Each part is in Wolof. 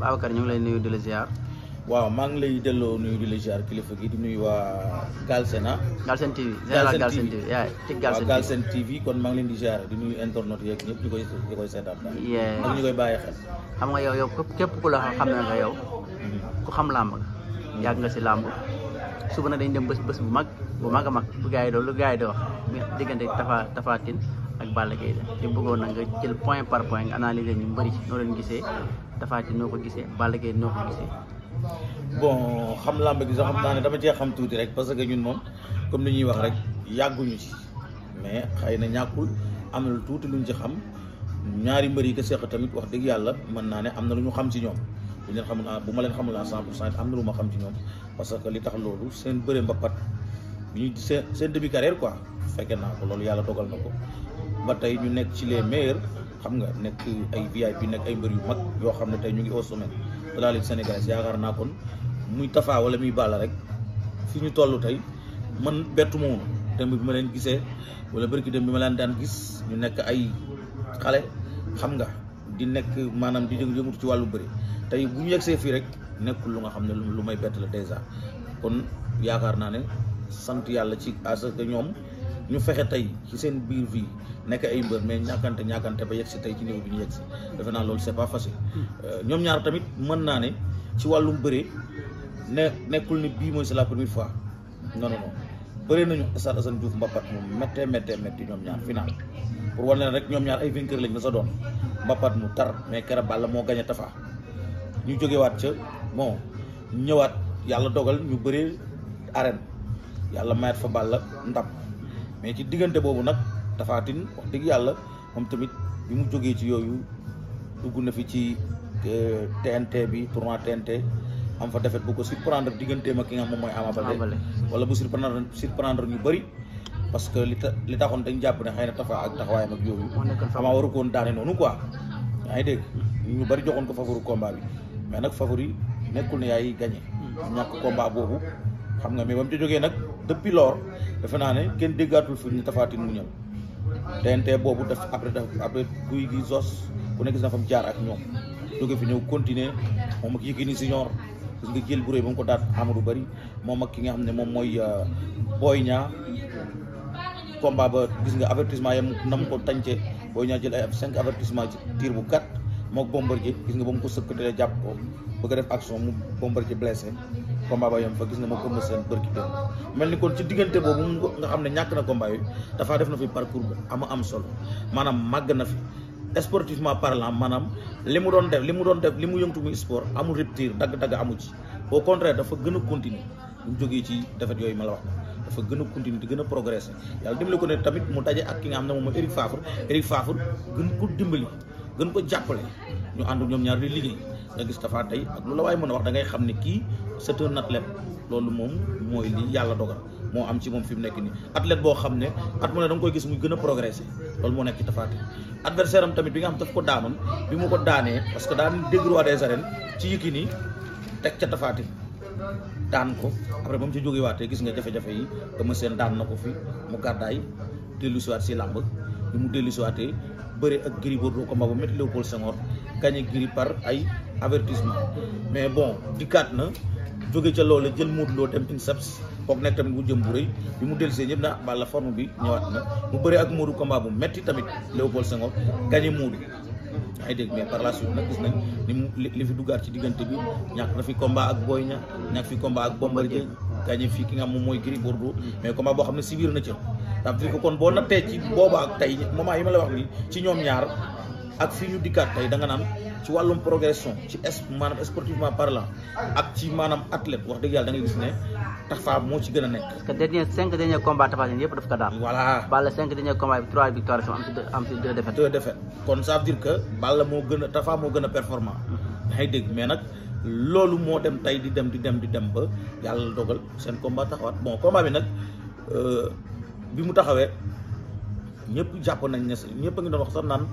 Babacar ñu ngi lay nuyu di la ziar. waaw maa ngi lay delloo nuyu di la ziar kilifa gi di nuyu waa Galsen ah. Galsen TV Galsen TV Galsen TV yaay ci Galsen TV waaw Galsen kon maa ngi leen di ziar di nuyu internet yeeg ñëpp ñu koy koy seetaan daal. ak ñu koy bàyyi xel. xam nga yow yow képp ku la xam ne nga yow. Mm-hmm. ku xam làmb nga. yàgg nga si làmb. suba nag dañ dem bés bés bu mag bu mag a mag bu gars yi doon lu gars yi di wax diggante Tapha Tapha ak Balla Gaye de ñu bëggoon na nga jël point par point nga analyser ñu mbëri noo leen gisee Tapha Tine noo ko gisee Balla Gaye noo ko gisee. bon xam làmb gi sax xam naa ne dama cee xam rek parce que ñun moom comme li ñuy wax rek yàgguñu ci mais xëy na ñàkkul am na lu tuuti ci xam ñaari mbër yi ko seq tamit wax dëgg yàlla mën naa ne am na lu ñu xam ci ñoom bu leen xamul bu ma leen xamul à 100 pour cent am na lu ma xam ci ñoom parce que li tax loolu seen bëre mbapat bi ñu seen seen demi carrière quoi fekkee naa ko loolu yàlla dogal na ko ba tey ñu nekk ci les meilleurs xam nga nekk ay bi nekk ay mbër yu mag yoo xam ne tey ñu ngi au sommet de la yaakaar naa kon muy Tapha wala muy Balla rek fi ñu toll tey man bettu ma woon démb bi ma leen gisee wala bërki dem bi ma leen daan gis ñu nekk ay xale xam nga di nekk maanaam di yëngu ci wàllu bëri tey bu ñu yegsee fii rek nekkul lu nga xam ne lu may bett la dèjà kon yaakaar naa ne sant yàlla ci à ce que ñoom. ñu fexe tey ci seen biir vie nekk ay mbër mais ñàkkante ñàkkante ba yegg si tey ci niveau bi ñu yegg si defe naa loolu c'est pas facile euh, ñoom ñaar tamit mën naa ne ci wàllum bëree ne nekkul ni bii mooy si la première fois non non non bëree nañu Stade Assane Diouf Mbapat moom méttee méttee métti ñoom ñaar final pour wane ne rek ñoom ñaar ay vainqueur lañ ma sa doon Mbapat mu tar mais keroog Balla moo gañ a Tafa ñu jógewaat ca moo ñëwaat yàlla dogal ñu bëree arène yàlla mayat fa Balla ndab mais ci diggante boobu nag Tapha Tine wax dëgg yàlla moom tamit bi mu jógee ci yooyu dugg na fi ci TNT euh, bi tournoi TNT am fa defet bu ko surprendre digganteem ak ki nga xam moom mooy Ama Baldé wala bu surprendre surprendre ñu bëri parce que li ta li taxoon dañ jàpp ne xëy na Tapha ak taxawaayam ak yooyu Ama waru koon daane noonu quoi yaa ngi dégg ñu bëri joxoon ko favori combat bi mais nag favori nekkul ne yaay gagné hmm. ñàkk combat boobu xam nga mais ba mu ci jógee nag depuis lors defe naa ne kenn déggaatul fi ñu tafaatin mu ñëw TNT boobu def après daf après guy gi sos ku ne gis na ak ñoom jóge fi ñëw continuer moom ak Yékini Senior gis nga jël bu rëy ba mu ko daat Amadou Bari moom ak ki nga xam ne moom mooy euh, Boy Niang combat ba gis nga avertissement yam na mu ko tàncee Boy Niang jël ay cinq avertissement ci tir bu gàtt mook Bombardier gis nga ba mu ko sëkkatee jàpp ko bëgg def action mu Bombardier blessé combat ba yom fa gis na moo ëmb seen bërki dem mel ni kon ci diggante boobu nga xam ne ñàkk na combat yi dafa def na fi parcours bu amu am solo maanaam màgg na fi sportivement parlant maanaam li mu doon def li mu doon def li mu yëngtu muy sport amul rupture dagg-dagg amu ci boo contraire dafa gën a continuer bu jógee ci defet yooyu ma la wax dafa gën a continuer di gën a progresser yàlla dimbali ko ne tamit mu daje ak ki nga xam ne moom mooy Eric Favre Eric Favre gën ko dimbali gën ko jàppale ñu ànd ñoom ñaar liggéey nga gis Tapha Tine ak lu la waay mën a wax da ngay xam ne kii c'est un athlète loolu moom mooy li yàlla dogal moo am ci moom fi mu nekk nii athlète boo xam ne at mu ne da koy gis mu gën a progressé loolu moo nekk ci Tapha Tine adversaire tamit bi nga xam daf ko daanoon bi mu ko daanee parce que daan dégg roi des arènes ci Yékini teg ca Tapha Tine daan ko après ba mu ci jógee waatee gis nga jafe-jafe yi Eumeu Sène daan na ko fi mu gàddaay dellusiwaat si làmb bi mu dellusiwaatee bëre ak Gris Bordeaux combat bu métti Léopold Senghor gagné Gris par ay avertissement mais bon dikkaat na jóge ca loola jël Modou Lo dem INSEPS kooku nekk tamit bu jëm bu rëy bi mu dellusee ñëpp na Balla forme bi ñëwaat mu bëri ak Modou combat bu metti tamit Léopold Senghor gagné Modou ay dégg mais par la suite nag gis nañ ni mu li fi duggaat ci diggante bi ñàkk na fi combat ak Boy Niang ñàkk fi combat ak Bombardier gagné fii ki nga xam moom mooy Gris Bordeaux mais combat boo xam ne si biir na ci ça veut dire que kon boo ci booba ak tey moment la wax nii ci ñoom ñaar ak fii ñu dikkaat tey da nga naan ci wàllum progression ci es maanaam sportivement parlant ak ci maanaam athlète wax dëgg yàlla da gis ne Tapha moo ci gën a nekk. parce que dernier cinq derniers combats Tapha Tine yëpp daf ko daan. voilà Balla cinq derniers combats yi trois victoires am ci deux am ci kon ça veut que Balla moo gën a Tapha moo gën a performant. da mm-hmm. dégg mais nag loolu moo dem tay di dem di dem di dem ba yàlla dogal seen combat taxawaat bon combat bi nag euh, bi mu taxawee ñëpp jàpp nañ ne ñëpp a ngi doon wax sax naan.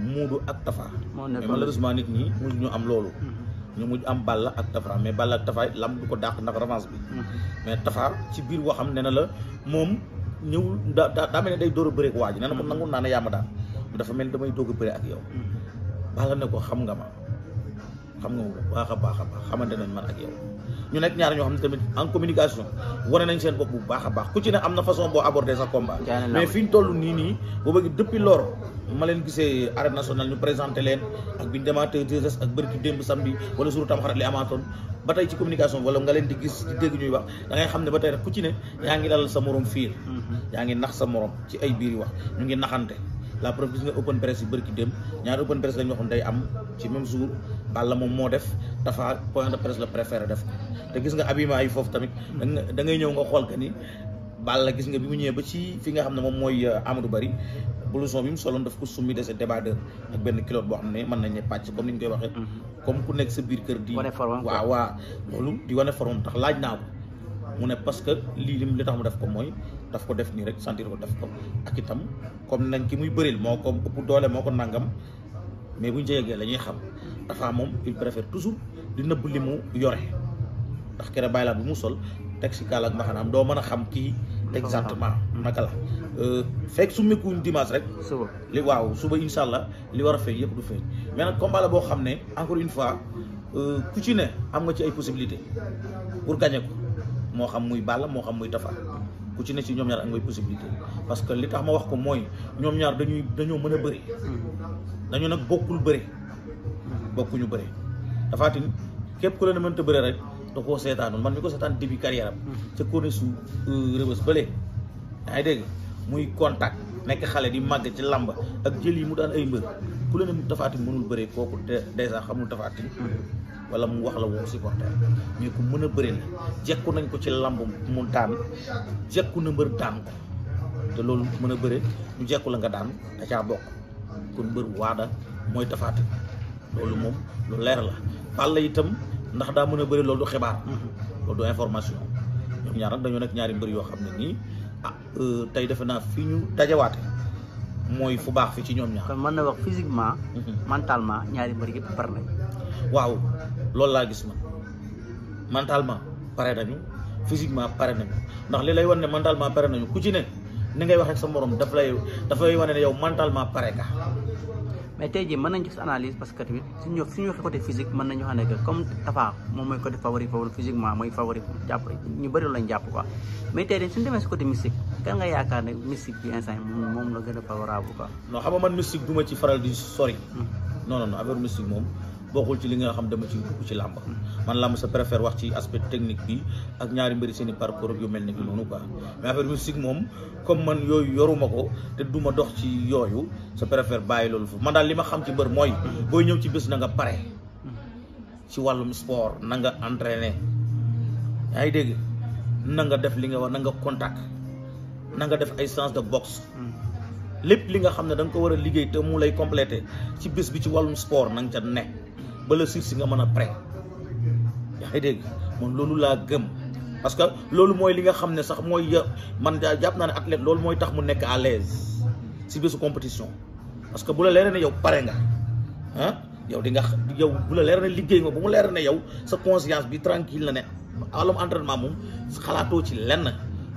muudu ak Tafa. moo nekkoon mais malheureusement nit ñi mujj ñu am loolu. Hmm. ñu mujj am Balla ak Tafa mais Balla ak Tafa lam du ko dàq ndax revanche bi. Hmm. mais Tafa ci biir waxam nee na la moom ñëwul da daa mel day door a bëreeg waa ji nee na ko hmm. nangu naa ne yaa ma daan dafa mel ni damay doog a bëre ak yow. Balla ne ko xam nga ma. xam nga bu baax a baax a baax xamante nañ man ak yow ñu nekk ñaar ñoo xam ne tamit en communication wane nañ seen bopp bu baax a baax ku ci ne am na façon boo aborder sa combat mais fi ñu toll nii nii boo bëgg depuis lors ma leen gisee arène nationale ñu présente leen ak biñu demaatee des ak bëritu démb samedi wala suru tam xarat li amaatoon ba tey ci communication wala nga leen di gis di dégg ñuy wax da ngay xam ne ba tey rek ku ci ne yaa ngi dalal sa morom fiir mm-hmm. yaa ngi nax sa morom ci ay biir wax ñu ngi naxante la preuve gis nga open press yu bëri ki dem ñaari open press lañu waxoon day am ci même jour Balla moom moo def Tafa point de presse la préféré def ko te gis nga abima yi foofu tamit da ngay ñëw nga xool que ni Balla gis nga bi mu ñëwee ba ci fi nga xam ne moom mooy euh, Amadou Bari blouson bi mu soloon daf ko summi dese débardeur ak benn kilote boo xam ne mën nañ ne pàcc comme ni ñu koy waxee mm-hmm. comme ku nekk sa biir kër di waaw waaw loolu di wane forme tax laaj naa ko mu ne parce que lii lim li tax mu def ko mooy daf ko def nii rek sentir ko def ko ak itam comme nañ ki muy bëril moo ko ëpp doole moo ko nangam mais bu jegee lañuy ñuy xam dafa moom il préfère toujours di nëbb li mu yore ndax kere bàyyi laa bu mu sol teg si kaal ak mbaxanaam doo mën a xam kii exactement naka la euh, fekk su mekkuñ dimanche rek li waaw suba insha allah li war a feeñ yëpp du feeñ mais nag combat la boo xam ne encore une fois euh, ku ci ne am nga ci ay possibilité pour gagner moo xam muy Balla moo xam muy Tapha ku ci ne ci ñoom ñaar ak ngay possibilité parce que li tax ma wax ko mooy ñoom ñaar dañuy dañoo mën a bëri mm-hmm. dañu nag bokkul bëri mm-hmm. bokkuñu bëri Tapha képp ku la ne mënta bëri rek da koo man mi ko seetaan début carrière am mm-hmm. ca kone su euh, rëbës bële yaa ngi dégg muy contact nekk xale di màgg ci làmb ak jël yi mu daan ay mbër ku la ne Tapha Tine mënul bëri kooku dèjà xamul Tapha wala mu wax la woo supporter mais ku mën a bëri la jekku nañ ko ci lamb mu daan jekku na mbër daan ko te loolu mën a bëri ñu jekku la nga daan da caa bokk kon mbër waada mooy tafaati loolu moom lu leer la Balla itam ndax daa mën a bëri loolu du xibaar loolu du information ñoom ñaar nag dañoo nekk ñaari mbër yoo xam ne nii ah euh, tey defe naa fi ñu dajawaate mooy fu baax fi ci ñoom ñaar. mën na wax physiquement. Mhm. mentalement ñaari mbër yëpp par nañ waaw loolu laa gis man mentalement pare nañu physiquement pare nañu ndax li lay wan ne mentalement pare nañu ku ci ne ni ngay wax sa morom daf lay dafay wane ne yow mentalement pare nga. mais tey jii mën nañ gis analyse parce que tamit suñu suñu waxee côté physique mën nañu xam ne que comme Tapha moom mooy côté favori favori physiquement mooy favori jàpp ñu bëri lañ jàpp quoi mais tey de suñu demee si côté mystique kan nga yaakaar ne mystique bi moom moom la a favorable quoi. non xam man mystique ma ci faral di sori. Hmm. non non waxul ci li nga xam dama ci dugg ci làmb man làmb sa préfère wax ci aspect technique bi ak ñaari mbëri seeni i parcours yu mel ni ki noonu quoi comme man yooyu yoruma ko te du dox ci yooyu sa préfère bàyyi loolu foofu man daal li ma xam ci mbër mooy booy ñëw ci bés na nga pare ci wàllum sport na nga entraîné yaa na nga def li nga wax na nga contact na nga def ay séance de boxe li nga xam ne da ko war a liggéey te mu lay complété ci bés bi ci wàllum sport na nga ca nekk ba suuf si nga mën a prêt yaa ngi dégg man loolu laa gëm parce que loolu mooy li nga xam ne sax mooy man jàpp naa ne athlète loolu mooy tax mu nekk à l'aise si bisu compétition parce que bu la leeree ne yow pare nga ah yow di nga yow bu la leeree ne liggéey nga bu mu leeree ne yow sa conscience bi tranquille na ne wàllum entraînement moom xalaatoo ci lenn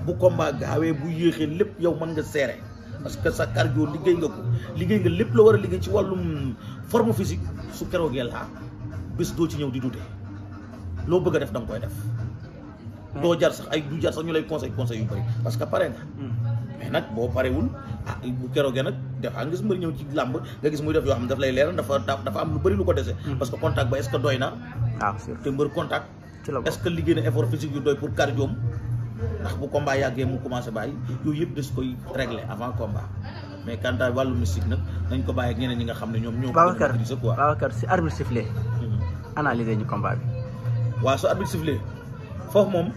bu combat gaawee bu yéexee lépp yow mën nga seere parce que sa cardio liggéey nga ko liggéey nga lépp la war a liggéey ci wàllum forme physique su keroogee laa bés doo ci ñëw di dute loo bëgg a def da koy def hmm. doo jar sax ay du jar sax ñu lay conseil conseil yu bëri parce que pare nga hmm. mais nag boo parewul ah bu keroogee nag def nga gis mbëri ñëw ci làmb nga gis muy def yoo xam ne daf lay leeral dafa dafa am lu bëri lu ko dese hmm. parce que contact ba est ce que doy na ah, te mbër contact est ce que liggéey na effort physique yu doy pour cardio ndax bu combat yàggee mu commencé bàyyi yooyu yëpp des koy régler avant combat mais quant à wàllu mystique nag nañ ko bàyyi ak ñi nga xam ne ñoom ñoo Babacar Babacar si arbitre sifflé hmm. analyser ñu combat waa waaw su arbitre sifflé foofu moom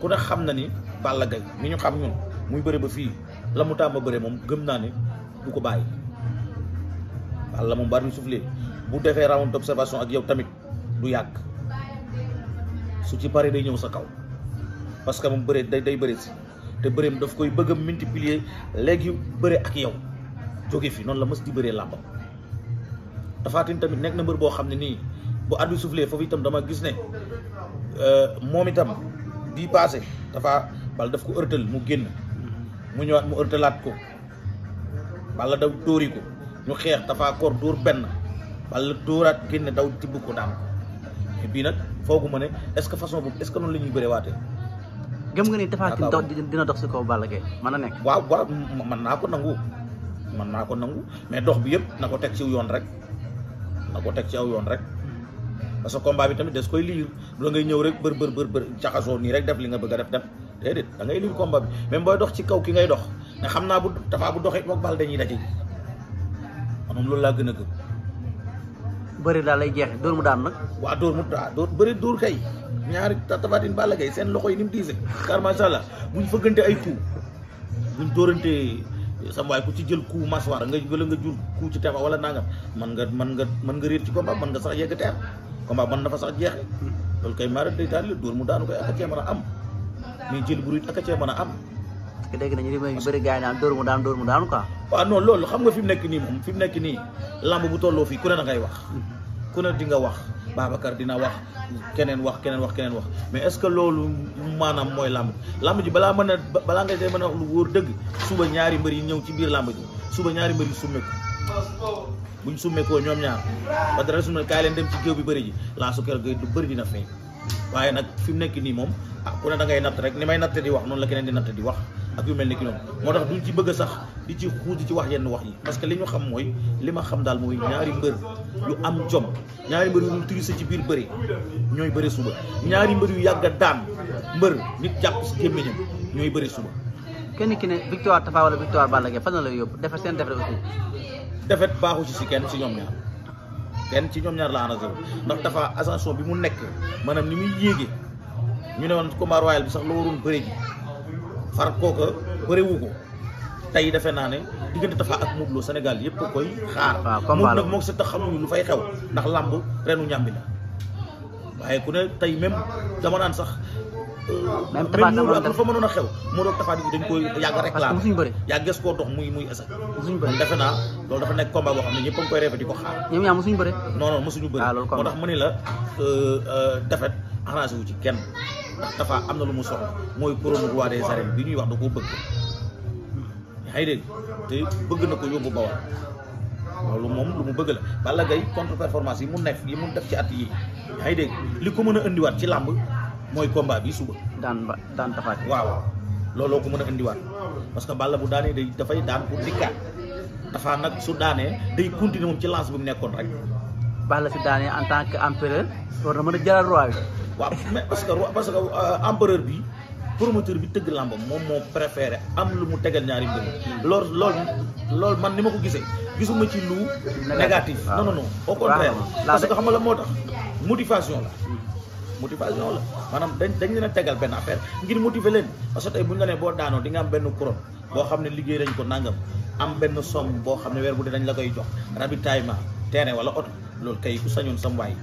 ku ne xam na ni Balla Gaye ni ñu xam ñun muy bëre ba fii la mu tàmba bëre moom gëm naa ne du ko bàyyi Balla moom bu arbitre sifflé bu defee round d'observation ak yow tamit du yàgg su ci paree day ñëw sa kaw parce que moom bëre day day si te bëreem daf koy bëgg a multiplier léegi bëre ak yow jóge fi noonu la mës di bëree làmbam Tapha Tine tamit nekk na mbër boo xam ne nii bu at bi soufflé foofu itam dama gis ne euh, moom itam bii passé dafa bal daf ko ërtal mu génn mu ñëwaat mu ërtalaat ko bala daw dóori ko ñu xeex dafa koor dóor benn bala dóoraat génn daw tibb ko daan bii nag foogu ma ne est-ce que façon boobu est-ce que noonu la ñuy bëre gëm nga ni Tapha Tine dina dox si kaw Balla Gaye mën na nekk. waaw waaw mën naa ko nangu mën naa ko nangu mais dox bi yëpp na ko teg ci yoon rek na ko teg ci aw yoon rek parce que combat bi tamit des koy liir la ngay ñëw rek bër bër bër bër jaxasoo nii rek def li nga bëgg a def def déedéet da ngay liir combat bi même booy dox ci kaw ki ngay dox ne xam naa bu Tapha bu dox doxee moog Balla dañuy daje moom loolu laa gën a gëm. bëri daal lay jeexee dóor mu daan nag. waaw dóor mu daan dóor bëri dóor ñaari Tapha Tine Balla Gaye seen loxo yi ni mu diise car macha allah buñ fëggante ay coup buñ dóorante sam waay ku ci jël coup mâchoire nga wala nga jur coup ci tefa wala nangam man nga man nga mën nga réer ci combat man nga sax yegg teer combat mën na fa sax jeexe loolu kay maara day daal la dóor mu daanu koy ak a cee mën a am mais jël bu ruit ak a cee a am dégg nañu li bëri gars yi naan dóor mu daan dóor mu daanu quoi waaw non loolu xam nga fi mu nekk nii moom fi mu nekk nii lamb bu tolloo fii ku ne da ngay wax mm-hmm. ku ne di nga wax Babacar dina wax keneen wax keneen wax keneen wax mais est-ce que loolu maanaam mooy làmb làmb ji balaa mën a balaa nga tey mën a wax lu wóor dëgg suba ñaari mbër yi ñëw ci biir làmb ji suba ñaari mbër yi bu ñu summeekoo ñoom ñaar ba dara suñu kaay leen dem ci géew bi bëri ji laa su keroog du bëri dina feeñ waaye nag fi mu nekk nii moom ah ku ne da ngay natt rek ni may natt di wax noonu la keneen di natt di wax ak yu mel ni ki ñoom moo tax duñ ci bëgg sax di ci xuuti ci wax yenn wax yi parce que li ñu xam mooy li ma xam daal mooy ñaari mbër yu am jom ñaari mbër yu dul tricher ci biir bëri ñooy bëri suba ñaari mbër yu yàgg a mbër nit jàpp si gémmiñam ñooy bëri suba. kenn ki ne victoire Tapha wala victoire Balla Gaye fan la lay yóbbu defet seen defet aussi. defet baaxu ci si kenn si ñoom ñaar kenn ci ñoom ñaar la arrangé ndax dafa ascension bi mu nekk maanaam ni muy yéege ñu ne woon combat royal bi sax la waroon bëri ji. far kooka bërewu ko tey defe naa ne diggante Tapha ak Modou Lo Sénégal yëpp koy xaar. waaw combat la moom nag moom xamuñu lu fay xew ndax làmb reenu ñàmbi la waaye ku ne tey même dama naan sax. Euh, même Tapha Modou ak lu fa mënoon a xew Modou ak Tapha dañ koy yàgg a réclamé yàgg gës koo dox muy muy ësëg musuñu defe naa loolu dafa nekk combat boo xam ne ñëpp a ngi koy rêvé di ko xaar ñoom ñaar musuñu bëri non non musuñu bëri ah, moo tax mu ni la euh, euh, defet arrangé wu ci kenn ndax Tapha am na lu mu soxla mooy couronne roi des bi ñuy wax da koo bëgg xëy dégg te bëgg na ko yóbbu Bawol loolu moom lu mu bëgg la Balla gay contre performance yi mu nekk yi mu def ci at yi xëy dégg li ko mën a indiwaat ci làmb mooy combat bi suba daan ba daan Tapha waaw looloo ko mën a indiwaat parce que Balla bu daanee day dafay daan pour dikkaat Tapha nag su daanee day continuer moom ci lance bi mu nekkoon rek Balla su daanee en tant que empereur war na mën a jëlaat roi waaw mais parce que parce que euh, empereur bi promoteur bi tëgg làmbam moom moo préféré am lu mu tegal ñaari mbir lool lool loolu man ni ma ko gisee gisuma ci lu négatif non non non au contraire parce que xam nga la moo tax motivation la motivation la maanaam dañ dañ leen tegal benn affaire ngir motiver leen parce que tey bu ñu la nee boo daanoo di nga am benn couronne boo xam ne liggéey nañ ko nangam am benn somme boo xam ne weer bu dee dañ la koy jox ravitaillement terrain wala oto loolu kay ku sañoon sam waay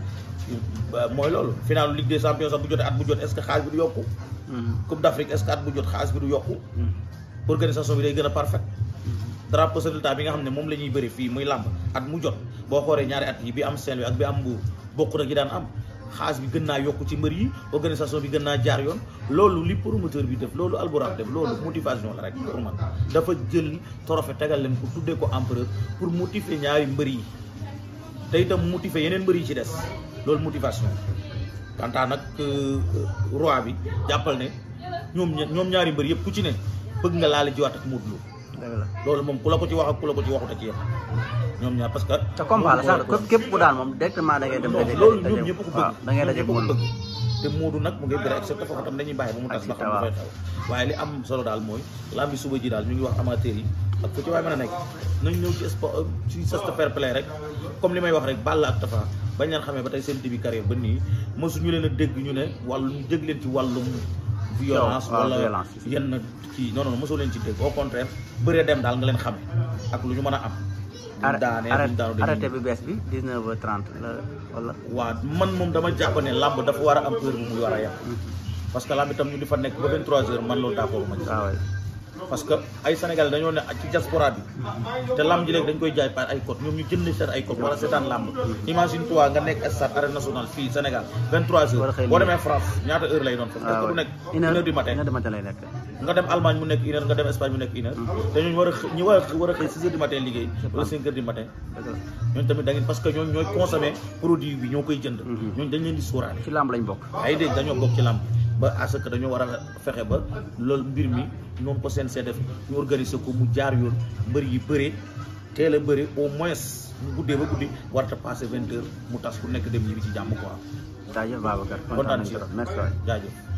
Euh, mooy loolu finaalu Ligue champions sax bu jotee at bu jot est-ce que xaalis bi du yokku mm-hmm. Coupe d'Afrique est-ce que at bu jot xaalis bi du yokku mm-hmm. organisation bi day gën a parfaite mm-hmm. drapeau résultat bi nga xam ne moom la ñuy bëri fii muy làmb at mu jot boo xoolee ñaari at yi bi am Saint-Louis bi am Mbour bokkut ak yi xaalis bi gën naa yokku ci mbër yi organisation bi gën naa jaar yoon loolu li promoteur bi def loolu Albouraq def loolu motivation la rek pour man dafa jël trophée tegal leen ko tuddee ko empereur pour motiver ñaari mbër yi te itam motiver yeneen mbër yi ci des loolu motivation kanta nag euh, roi bi jàppal ne ñoom ñoom ñaari mbër yëpp ku ci ne bëgg nga laale jiwaat ak Modou loolu moom ku la ko ci wax ak ku la ko ci waxut ak yëpp ñoom ñaar parce que képp ku daan moom directement da ngay dem loolu ñoom ñëpp ko bëgg da ngay daje ko bëgg te Modou nag mu ngay bëri ak tam dañuy bàyyi ba mu tas ba xam dafay taw waaye li am solo daal mooy lambi suba ji daal ñu ngi wax amateur yi ak ku ci waaye mën a nekk nañ ñëw ci sport ci sa fair rek comme li may wax rek Balla ak Tafa bañ leen xamee ba tey seen début carrière ba nii mosuñu leen a dégg ñu ne wàllu ñu dégg leen ci wàllum violence wala yenn kii non non mosoo leen ci dégg au contraire bëree dem daal nga leen xame ak lu ñu mën a am arrêté bi bees bi 19h30 la wala. waaw man moom dama jàpp ne làmb dafa war a am heure bu muy war a yàq mm-hmm. parce que làmb itam ñu di fa nekk ba 23h man loolu d'accord ma ci. Ah parce que ay Sénégalais dañoo ne ci diaspora bi te lamb ji léegi dañ koy jaay par ay code ñoom ñu jënd seen ay code wala seetaan lamb imagine toi nga nekk stade arène nationale fii Sénégal 23 heures boo demee France ñaata heure lay doon ah nga dem Allemagne mu nekk une nga dem Espagne mu nekk une mm-hmm. te ñooñu war xëy 6 heures du matin liggéey wala 5 heures tamit da ngeen parce que ñooñu ñooy consommer bi ñoo koy jënd mm-hmm. ñooñu dañ leen di ba à ce dañoo war a fexe ba loolu mbir mi noonu ko seen see def ñu organiser ko mu jaar yoon mbër yi bëree teel a bëri au moins mu guddee ba guddi warta passé vingt heures mu tas ku nekk dem ñibbi ci jàmm ko jaajëf Babacar kontaan nañu trop merci waay